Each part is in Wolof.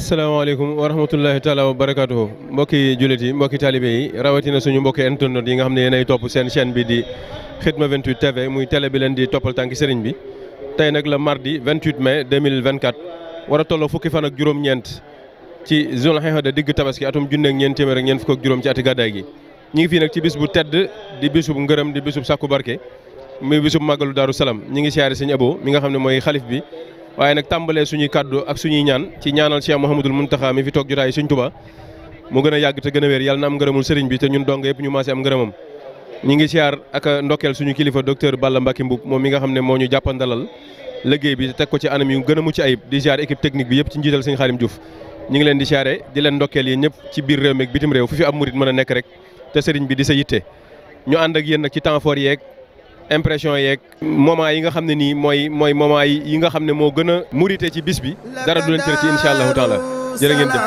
asalaamaaleykum wa rahmatullahi taala wa barakaatuhu mbokki jullit yi mbokki talibe yi rawatina suñu mbokki internet yi nga xam ne yéenay topp seen chaîne bi di Khidma 28 TV muy télé bi leen di toppal tànki sëriñ bi tey nag la mardi 28 mai 2024 war a tolloo fukki fan ak juróom-ñeent ci zone xeexada digg tabaski atum junne ak ñeent téeméer ak ñeent fukk ak juróom ci ati gàddaay gi ñu ngi fii nag ci bis bu tedd di bisub ngërëm di bisub sàkku barke muy bisub màggalu daaru ngi siyaare sëñ Abo mi nga xam ne mooy xalif bi waaye nag tàmbalee suñuy kàddu ak suñuy ñaan ci ñaanal Cheikh Mouhamadul Mountakha mi fi toog jotaay Sëriñ Tuubaa mu gën a yàgg te gën a wér yàlla na am ngërëmul sëriñ bi te ñun dong yëpp ñu maase am ngërëmam ñi ngi siyaar ak ndokkeel suñu kilifa docteur Balla Mbacké Mboup moom mi nga xam ne moo ñu jàppandalal liggéey bi teg ko ci anam yu gën a mucc ayib di siyaar équipe technique bi yëpp ci njiital sëñ Xaalim Diouf ñi ngi leen di siyaare di leen ndokkeel ñëpp ci biir réew mi ak bitim réew fu fi am murit mën a nekk rek te sëriñ bi di sa yitte ñu ànd ak yéen nag ci temps yeeg impression yeeg moment yi nga xam ne nii mooy mooy moment yi nga xam ne moo gën a mérite ci bis bi dara du leen tër ci incha allahu taala jërë ngeen jëf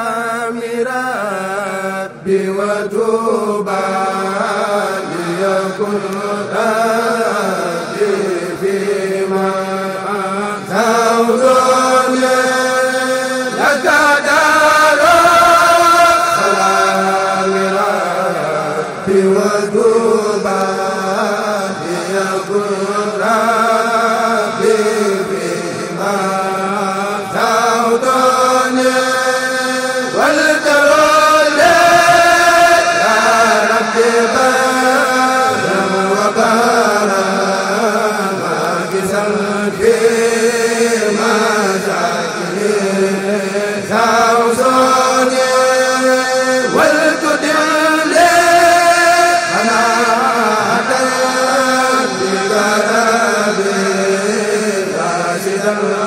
ذا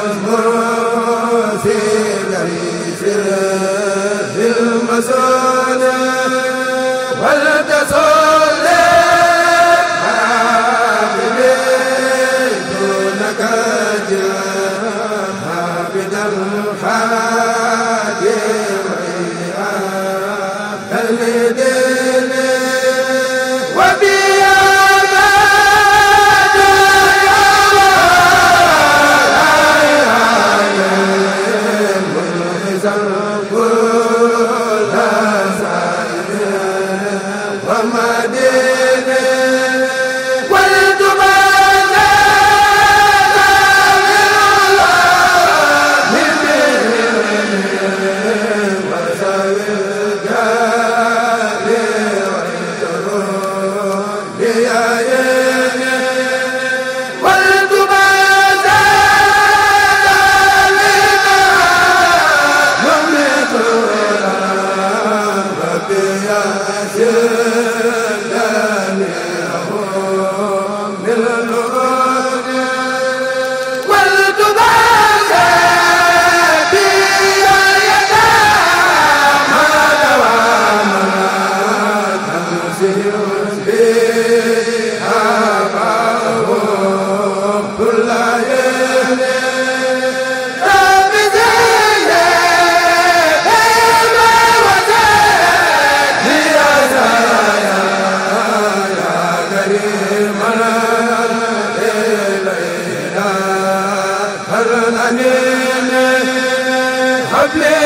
Amen. le